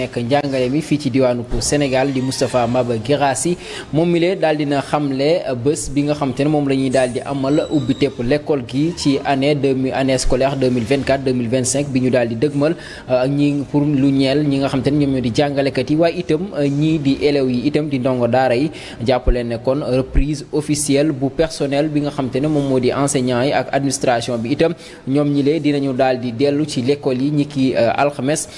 nekk njàngale mi fii ci diwaanu Sénégal di Moustapha Maba Guirassy moom mi lee daal dina xamle bés bi nga xam te ne moom la ñuy daal di amal ubbi tepp l'école gi ci anne deux mille année scolaire 2024 2025 bi ñu daal di dëgmal euh, ñi pour lu ñeel ñi nga xam te ne ñoom ñoo di jàngalekat yi waaye itam euh, ñii di élèves yi itam di ndongo daara yi jàppale ne kon reprise officielle bu personnel bi nga xam te ne moom moo di enseignants yi ak administration bi itam ñoom ñi lee dinañu daal di dellu ci l'école yi ñi ki euh, alxames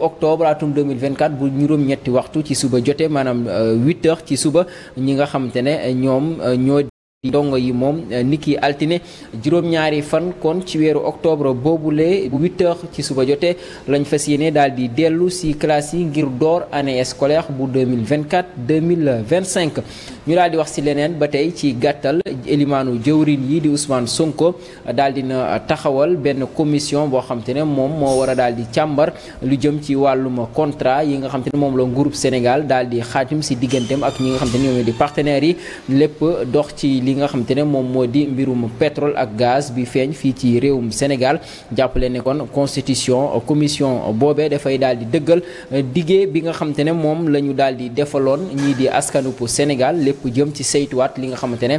octobre atum 2024 bu juróom-ñetti waxtu ci suba jotee maanaam 8 euh, heures ci suba ñi nga xam te ne ñoom euh, ñoo ndongo yi moom eh, niki altine juróom-ñaari fan kon ci weeru octobre boobule bu 8 heures ci suba jote lañ fas yéene daal di dellu si classe yi ngir door année scolaire bu 2024 2025 ñu daal di wax si leneen ba tey ci gàttal élimaanu jëwrin yi di Ousmane Sonko daal dina taxawal benn commission boo xam ne moom moo war a daal di càmbar lu jëm ci wàllum contrat yi nga ne moom la nguurub Sénégal daal di xaatim si digganteem ak ñi nga xam ne ñoom di partenaires yi lépp dox ci li nga xamante ne moom moo mbirum pétrole ak gaz bi feeñ fii ci réewum Sénégal jàppale ne kon constitution commission boobee dafay daal di dëggal euh, digue bi nga xamante ne moom la ñu daal di askanu pour Sénégal lépp jëm ci saytuwaat li nga xamante ne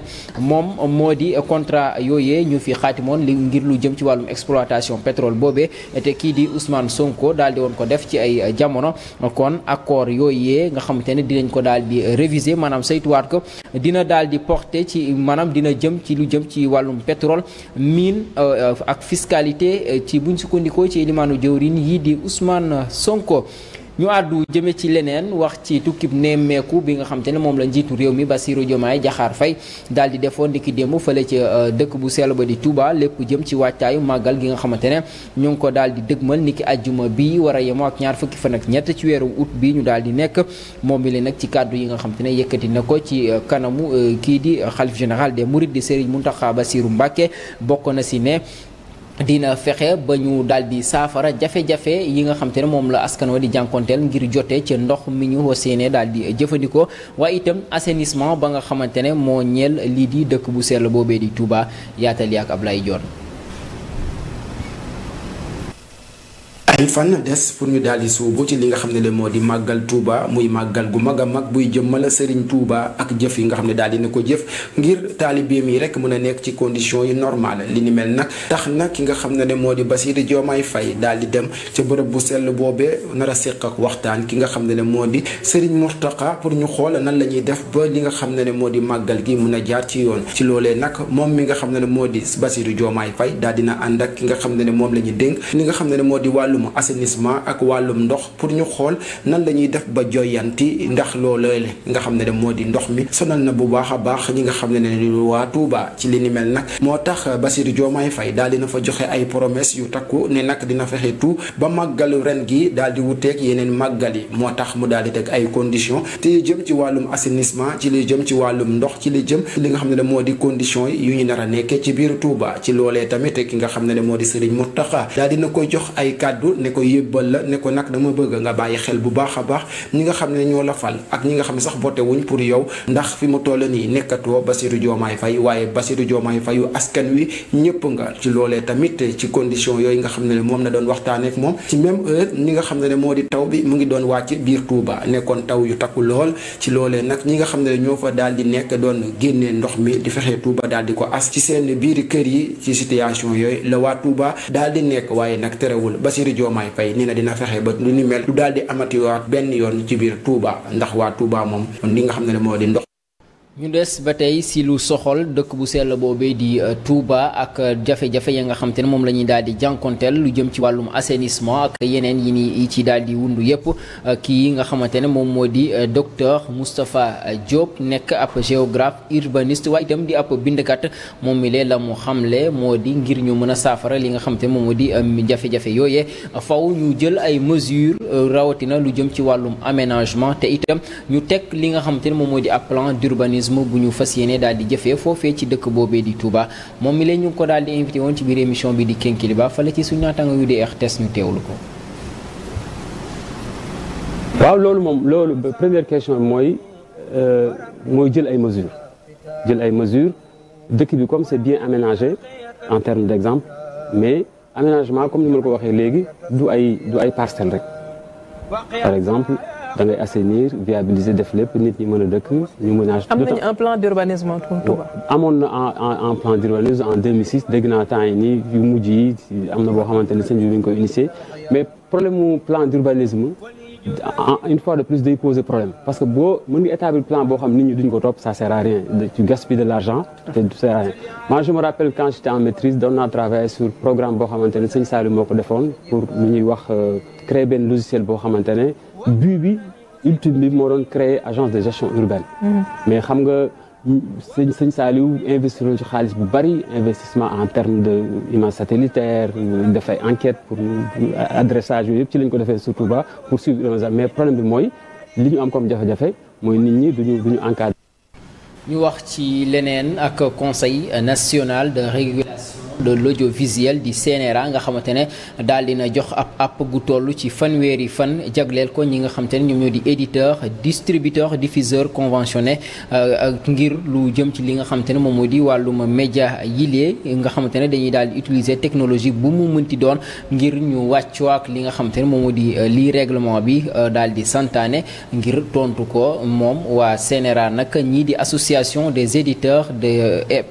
moom moo di contrat yooyee ñu fi xaatimoon li ngir lu jëm ci wàllum exploitation pétrole boobee te kii di Ousmane Sonko daal di woon ko def ci ay jamono kon accord yooyee nga xamante ne dinañ ko daal di réviser maanaam saytuwaat ko dina daal di porter ci maanaam dina jëm ci lu jëm ci wàllum pétrole mine euh, euh, ak fiscalité euh, ci buñ sukkandikoo ci limaanu jëwrin yi di Ousmane Sonko ñu àddu jëme ci leneen wax ci tukkib nemmeeku bi nga xam te ne moom la njiitu réew mi Bassirou Diomaye Diakhar fay daal di defoon ndiki démb fële ca euh, dëkk bu sell ba di Touba lépp jëm ci wàccaayu màggal gi nga xamante ne ñoo ngi ko daal di dëgmal niki ajjuma bi war a yemoo ak ñaar fukki fan ak ñett ci weeru août bi ñu daal di nekk moom bi li nag ci kàddu yi nga xam te ne yëkkati na ko ci euh, kanamu euh, kii di xalif général des mourides di Serigne Mountakha Bassirou Mbacké bokk na si ne dina fexe ba ñu daal di saafara jafe-jafe yi nga xam ne moom la askan wa di jànkonteel ngir jote ci ndox mi ñu waseene daal di jëfandikoo waaye itam assainissement ba nga xamante ne moo ñeel lii di dëkk bu la boobee di Touba yaatal yi ak Ablaye Dione ay fan des pour ñu daal di suubu ci li nga xam ne le moo di màggal Touba muy màggal gu mag a mag buy jëmmal Serigne Touba ak jëf yi nga xam ne daal di na ko jëf ngir taalibeem yi rek mën a nekk ci conditions yi normal li ni mel nag tax na ki nga xam ne ne moo di Bassirou Diomaye Faye daal di dem ca bërëb bu sell boobee nar a séq ak waxtaan ki nga xam ne ne moo di Serigne Mourtaka pour ñu xool nan la ñuy def ba li nga xam ne ne moo di màggal gi mun a jaar ci yoon ci loolee nag moom mi nga xam ne ne moo di Bassirou Diomaye Faye daal dina ànd ak ki nga xam ne ne moom la ñu wàllum ak wàllum ndox pour ñu xool nan la ñuy def ba joyanti ndax looloo nga xam ne de moo di ndox mi sonal na bu baax a baax ñi nga xam ne ne waa Touba ci li ni mel nag moo tax Bassirou Diomaye Faye daal dina fa joxe ay promesse yu takku ne nag dina fexe tout ba màggalu ren gi daal di wuteeg yeneen màggal yi moo tax mu daal di teg ay conditions te jëm ci wàllum assainissement ci li jëm ci wàllum ndox ci li jëm li nga xam ne de moo di conditions yu ñu nar a nekkee ci biir Touba ci loolee tamit ki nga xam ne de moo di Serigne Mountakha daal dina koy jox ay kàddu ne ko yébbal la ne ko nag dama bëgg nga bàyyi xel bu baax a baax ñi nga xam ne ñoo la ak ñi nga xam ne sax voté wuñ pour yow ndax fi mu toll nii nekkatoo Bassirou Diomaye Faye waaye Bassirou Diomaye Faye yu wi ñëpp nga ci loolee tamit ci condition yooyu nga xam ne moom na doon waxtaanee moom ci même heure ñi nga xam ne moo di taw bi mu ngi doon wàcc biir Touba nekkoon taw yu takku lool ci loolee nag ñi nga xam ne ñoo fa daal di nekk doon génnee ndox mi di fexe Touba daal di ko as ci seen biir kër yi ci situation yooyu la waa Touba daal di nekk waaye nag terewul Bassirou Diomaye Faye ni na dina fexe ba lu ni mel du daal di amati waat benn yoon ci biir Touba ndax waa Touba moom li nga xam ne moo di ndox ñu des ba tey si lu soxol dëkk bu sell boobee di euh, Touba ak euh, jafe-jafe ya nga xam ne moom la ñuy daal di jànkonteel lu jëm ci wàllum assainissement ak yeneen yi ni ci daal di wundu yépp euh, kii nga xamante ne moom moo di docteur Moustapha Diop nekk ab géographe urbaniste waaye itam di ab bindkat moom mi lee la mu xamle moo di ngir ñu mën a saafara li nga xam ne moom moo di jafe-jafe yooyee faw ñu jël ay mesures rawatina lu jëm ci wàllum aménagement te itam ñu teg li nga xam ne moom moo di ab plan tourisme bu ñu fas yéene di jëfé fofé ci dëkk bobé di Touba mom mi leen ñu ko dal di invité woon ci biir émission bi di Kenkiliba fa la ci suñu naataango yu di RTS ñu teewlu ko. waaw loolu mom loolu première question moy euh moy jël ay mesures jël ay mesures dëkk bi comme c'est bien aménagé en termes d'exemple mais aménagement comme ni ma ko waxé légui du ay du ay parcelles rek par exemple da ngay assainir viabiliser def lépp nit ñi mën a dëkk ñu mën a. am nañu un plan d'urbanisme Touba. amoon na un plan d'urbanisme en 2006 dégg naa temps yi nii yu mujj yi am na boo xamante ne sëñ bi ñu ko initié mais problème mu plan d'urbanisme une fois de plus de poser problème parce que si mën nga établir plan ça xam nit ñi ça sert à rien tu gaspilles de l'argent ça ne sert à rien moi je me rappelle quand j'étais en maîtrise d'un travail sur sur programme bo xamantene seigne salu moko pour euh, créer des logiciel bo xamantene bu bi ultime bi créer agence de gestion urbaine mm-hmm. mais xam nga sëñ sëñ Saliou investir ci xaalis bu bari investissement en terme de image satellitaire dafay enquête pour adressage yooyu yëpp ci lañ ko defee surtout ba pour suivre mais problème bi mooy li ñu am comme jafe-jafe mooy nit ñi duñu duñu encadrer. ñu wax ci leneen ak conseil national de régulation de l'audiovisuel di CNRA nga xamantene dal dina jox ab app gu tollu ci fanweeri fan jagleel ko ñi nga xamantene ne ñoo di éditeur distributeur diffuseur conventionné euh, ngir lu jëm ci li nga xamantene mom modi moo média yilé nga xamantene dañuy dal utiliser technologie bu mu mënti doon ngir ñu waccu ak li nga xamantene mom modi euh, li règlement bi euh, dal di santané ngir tontu ko mom wa CNRA nak ñi di association des éditeurs de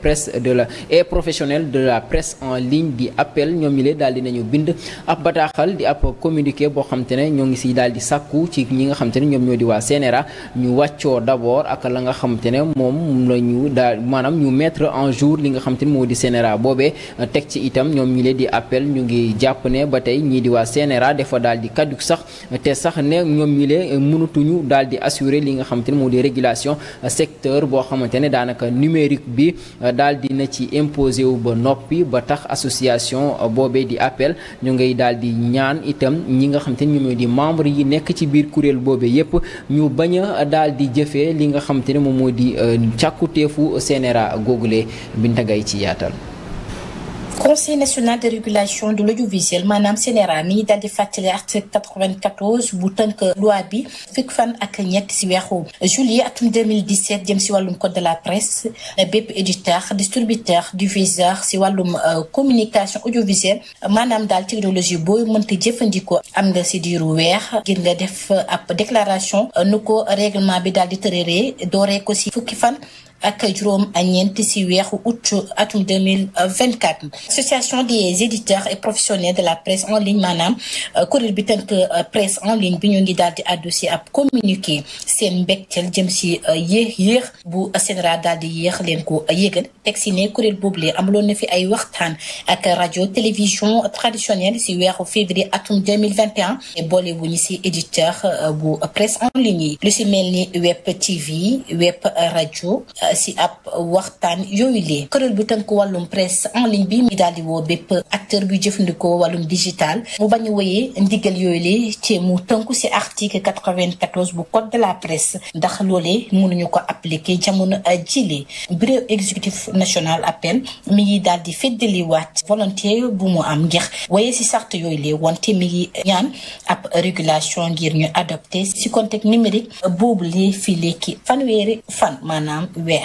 presse de la et professionnels de la presse presse en ligne di appel ñoom ñi lee daal di nañu bind ab bataaxal di ab communiqué boo xam ne ñoo ngi si daal di sàkku ci ñi nga xam te ne ñoom ñoo di waa CNRA ñu wàccoo d'abord ñu daal maanaam en jour li nga xam te ne moo di CNRA boobee teg ci itam ñoom ñi lee di appel ñu ngi jàpp ne ba tey ñii di waa CNRA dafa daal di kaddu sax te sax ne ñoom ñi lee mënatuñu daal di assurer li nga xam te moo di régulation secteur boo xamante daanaka numérique bi daal na ci imposer ba noppi ba tax association euh, boobee di appel ñu ngay daal di ñaan itam ñi nga xam te ni ñoom di membre yi nekk ci biir kuréel boobe yépp ñu bañ a daal di jëfee li nga xam te ne moom moo di euh, càkkuteefu CNRA googule Binta Gaye ci yaatal conseil national de régulation de l'audiovisuel madame Senerami, mi di fàttali article 94 bu que loi bi fukk fan ak si juillet 2017 jëm si le code de la presse BEP éditeur distributeur diffuseur si wàllum euh, communication audiovisuelle Madame la technologie booy monte jëfandikoo am nga si diiru def ap déclaration euh, nous co règlement bi daal di tërëree dooree ko fan ak juróom ak ñeent ci weeru août atum 2024 association des éditeurs et professionnels de la presse en ligne manam. Courir euh, bi tank euh, presse en ligne bi ñu ngi daldi di àddu ci ab communiqué seen mbégteel jëm ci euh, yéex yéex bu sénéra daldi di yéex leen ko yégal teg ci ne kuréel boobule amuloon na fi ay waxtaan ak radio télévision traditionnelle si weeru février atum 2021 et boole wuñu si éditeur bu presse en ligne yi lu ci mel web tv web radio si ap waxtaan yooyu lee kuréel bu tënk wàllum presse en ligne bi mi daal di woo bépp acteur bu jëfandikoo wàllum digital mu bañ a wéyee ndigal yooyu lee ci mu tënku si article 94 bu code de la presse ndax loolee mënuñu ko appliquer jamono jile bureau exécutif national appel mi ngi daal di volontiers volontaire bu mu am ngir wéyee si sart yooyu lee wante mi ngi ñaan ab régulation ngir ñu adopter si contexte numérique boobu lee fii léegi fanweeri fan maanaam weer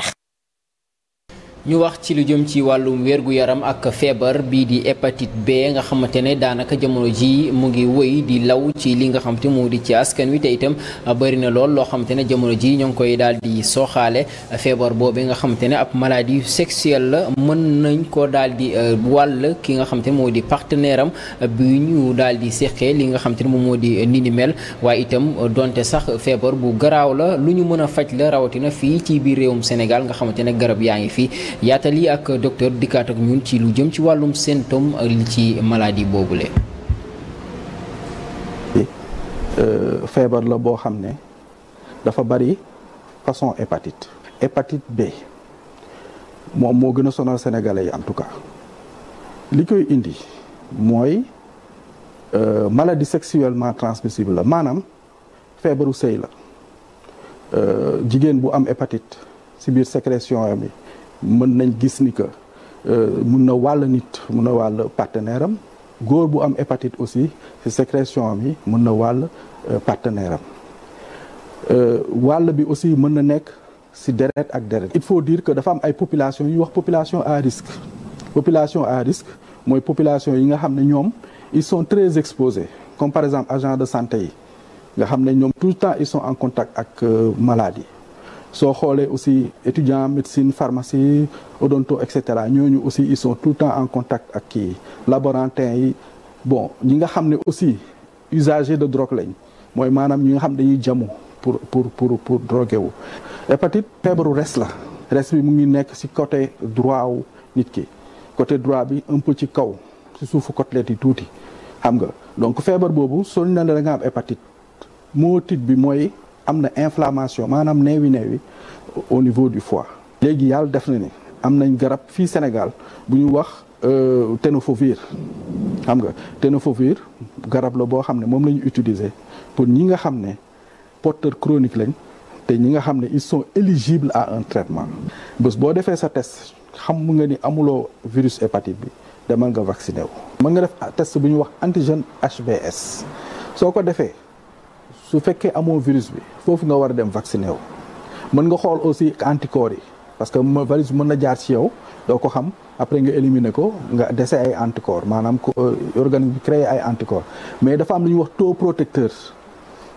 ñu wax ci lu jëm ci wàllum wér yaram ak feebar bii di hépatite B nga xamante ne daanaka jamono ji mu ngi woy di law ci li nga xamante moo di ci askan wi te itam bari na lool loo xamante ne jamono ji ñoo ngi koy daal di sooxaale feebar boobu nga xamante ne ab maladie sexuelle la mën nañ ko daal di euh, wàll ki nga xamante moo di partenaire am bi ñu daal di seqee li nga xamante ne moom moo di ni mel waaye itam donte sax feebar bu garaaw la lu ñu mën a faj la rawatina fii ci biir réewum Sénégal nga xamante ne garab yaa ngi fii yaatal yi ak docteur dikkaat ak ñun ci lu jëm ci wàllum symptôme ak li ci maladie boobule. Euh, feebar la boo xam ne dafa bari façon hépatite. hépatite B moom moo gën a sonal sénégalais yi en tout cas li koy indi mooy euh, maladie sexuellement transmissible la maanaam feebaru sëy la euh, jigéen bu am hépatite ci biir sécrétion am yi mën nañ gis ni que euh, mën na wàll nit mën na wàll partenaire am góor bu am hépatite aussi sécrétion am yi na wàll euh, partenaire am euh, wàll bi aussi mën na nekk ci deret ak deret il faut dire que dafa am ay population yu wax population à risque population à risque mooy population yi nga xam ne ñoom ils sont très exposés comme par exemple agent de santé yi nga xam ne ñoom tout le temps ils sont en contact ak maladie so xolé aussi étudiant médecine pharmacie odonto etc. cetera ñooñu aussi ils sont tout le temps en contact ak kii laborantin yi bon ñi nga xamné aussi usager de drogue lañ moy manam ñi nga xam dañuy jamu pour pour pour pour droguer wu. hépatite fièvre reste la reste bi mu ngi nekk ci côté droit wu nit ki côté droit bi un peu ci kaw ci suufu côtelette yi touti xam nga donc feebar boobu sol na la nga am hépatite moo tit bi moy am na inflammation manam newi newi au niveau du foie léegi yàlla def na ni am nañ garab fi Sénégal buñu wax euh tenofovir xam nga tenofovir garab la bo xam mom lañu utiliser pour ñi nga xam porteur chronique lañ te ñi nga ils sont éligibles à un traitement bés bo défé sa test xam nga ni amulo virus hépatite bi demal nga vacciner. wu mën nga def test buñu wax antigène HBS soko défé su fekkee amoo virus bi foofu nga war a dem vacciné wu mën nga xool aussi anticorps yi parce que virus bi mën na jaar ci yow doo ko xam après nga éliminer ko nga dese ay anticorps maanaam euh, organisme bi créé ay anticorps mais dafa am lu ñuy wax taux protecteur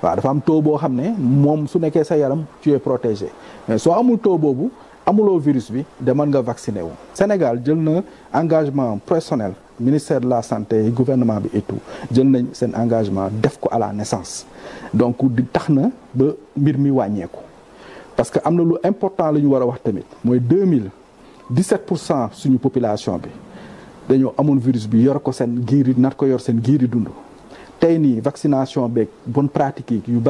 waaw dafa am taux boo xam ne moom su nekkee sa yaram tu es protégé mais soo amul taux boobu le virus bi nga vacciné Sénégal un engagement personnel ministère de la santé gouvernement et tout jël un engagement à la naissance donc di taxna ba mbir mi parce que y important la wara 2017 population bi virus bi yor ko s'en nat ko yor sen vaccination be bonne pratique yu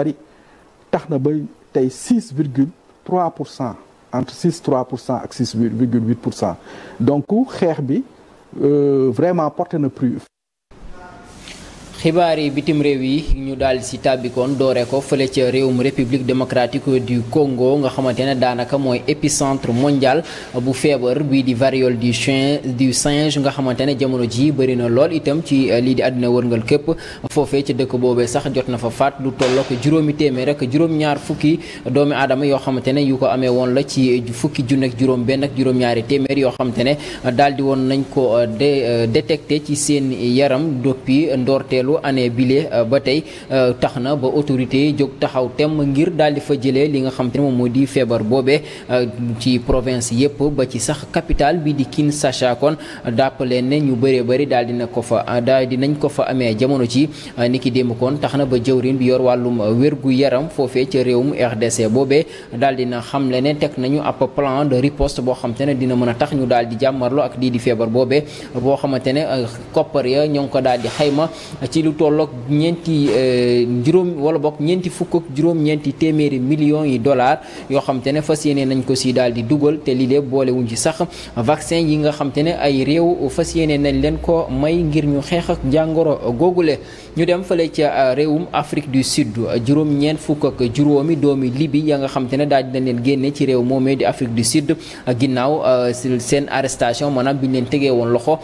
entre 6,3% et 6,8% donc kherbi euh, vraiment porte le plus xibaar yi bitim réew yi ñu daal si tàbbikoon doore ko fële ca réewum république démocratique du Congo nga xamante ne daanaka mooy épicentre mondial bu feebar bii di variole du chien du singe nga xamante ne jamono ji bëri na lool itam ci eh, lii di àddina wërngal képp foofee ca dëkk boobee sax jot na fa faat lu tolloo ko juróomi téeméer ak juróom-ñaar fukki doomi aadama yoo xamante ne yu ko amee woon la ci eh, fukki junne juróom benn ak juróom-ñaari téeméer yoo xamante ne eh, daal di woon nañ ko détecté ci seen yaram depuis ndoorteel ñetteelu année bile euh, ba tey euh, tax na ba autorité jog taxaw temm ngir daal di fa jëlee li nga xam te ne moom moo di feebar boobe euh, ci province yépp ba ci sax capital bi di kin Kinshasa kon dàpp leen ne ñu bëree bëri daal na ko fa daal dinañ ko fa amee jamono ci ni ki démb kon tax na ba jëwrin bi yor wàllum wérgu yaram foofee ca réewum RDC boobee daal na xam le ne teg nañu ab plan de riposte boo xam te ne dina mën a tax ñu daal di jàmmarloo ak lii di feebar boobe boo xamante ci lu tolloog ñeenti euh, juróom wala bokk ñeenti fukk ak juróom-ñeenti téeméeri millions yi dollars yoo xam ne fas yéene nañ ko si daal di dugal te lii de boolewuñ ci sax vaccin yi nga xam ne ay réew fas yeneen nañ leen ko may ngir ñu xeex ak jàngoro googule ñu dem fële ca euh, réewum Afrique du Sud juróom-ñeent fukk ak juróomi doomi Libi ya nga xam te ne daal di leen génne ci réew moomee di Afrique du Sud ginnaaw euh, seen arrestation maanaam bi leen tegee woon loxo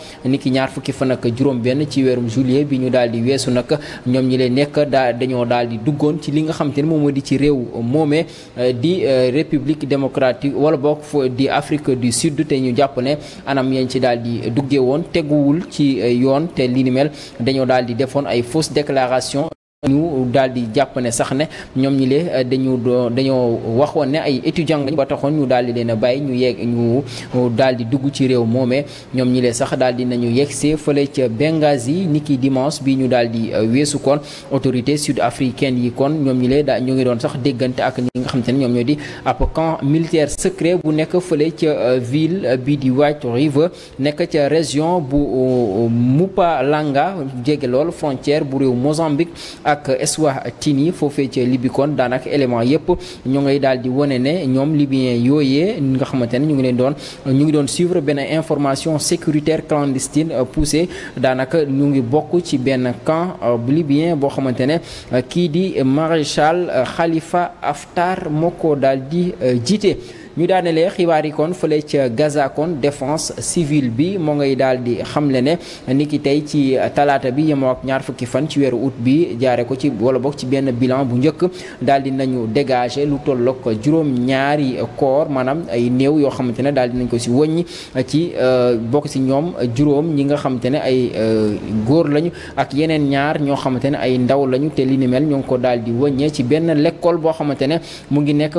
weesu nag ñoom ñi leen nekk daa dañoo daal di duggoon ci li nga xam te ne moom moo di ci réew moomee eh, di eh, république démocratique wala bokk di Afrique du Sud te ñu jàpp ne anam yañ ci daal di duggee woon teguwul ci eh, yoon te li ni mel dañoo daal di defoon ay fausse déclaration ñu daal di jàpp ne sax ne ñoom ñi lee euh, dañu dañoo waxoon ne ay étudiants ba taxoon ñu daal di leen a bàyyi ñu yeeg ñu euh, daal di dugg ci réew moomee ñoom ñi lee sax daal di nañu yegsee fële ca Benghazi ni ki dimanche bi ñu daal di euh, weesu kon autorité sud africaine yi kon ñoom ñi lee daa ñu ngi doon sax déggante ak ñi nga xam ne ñoom ñoo di ab camp militaire secret bu nekk fële ca ville bi di White River nekk ca région bu Mpumalanga jege lool frontière bu réew Mozambique ak eswa tini fofé ci Libikon danak élément yépp ñu ngay daldi di wane ne ñoom libyen yooyee nga xamante ne ñu ngi leen doon ñu ngi doon suivre ben information sécuritaire clandestine euh, poussée danak ñu ngi bokku ci ben camp euh, libyen bo xamante ne euh, kii di maréchal Khalifa Haftar moko daldi jité di ñu daanelee xibaar yi kon fële ca Gaza kon défense civile bi moo ngay daal di xamle ne ni ki tey ci talaata bi yemoo ak ñaar fukki fan ci weeru août bi jaare ko ci wala bokk ci benn bilan bu njëkk daal di nañu dégager lu tolloog juróom-ñaari corps maanaam ay néew yoo xamante ne daal di nañ ko si wëññi ci euh, bokk ci ñoom juróom ñi nga xamante ne ay euh, góor lañu ak yeneen ñaar ñoo xamante ne ay ndaw lañu te li ni ñoo ngi ko daal di wëññee ci benn lekkool boo xamante ne mu ngi nekk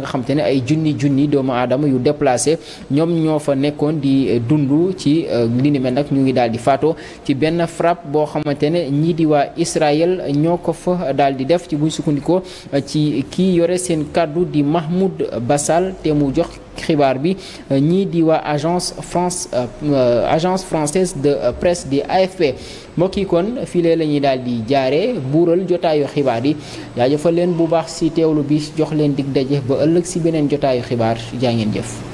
nga xam ne ay junni junni doomu aadama yu déplacé ñoom ñoo fa nekkoon di eh, dund ci eh, li nag ñu ngi daal di faatoo ci benn frappe boo xamante ne ñii di waa Israël ñoo ko fa daal di def ci buy sukkandikoo eh, ci kii yore seen kàddu di Mahmoud Bassal te mu jox xibaar bi ñii euh, di agence France euh, euh, agence française de presse di AFP mbokk yi kon filé la ñuy daal di jaaree buural jotaayu xibaar yi jaajëfal leen bu baax ci téwlu bi jox leen dig dajé ba ëllëg si beneen jotaayu xibaar ja ngeen jëf.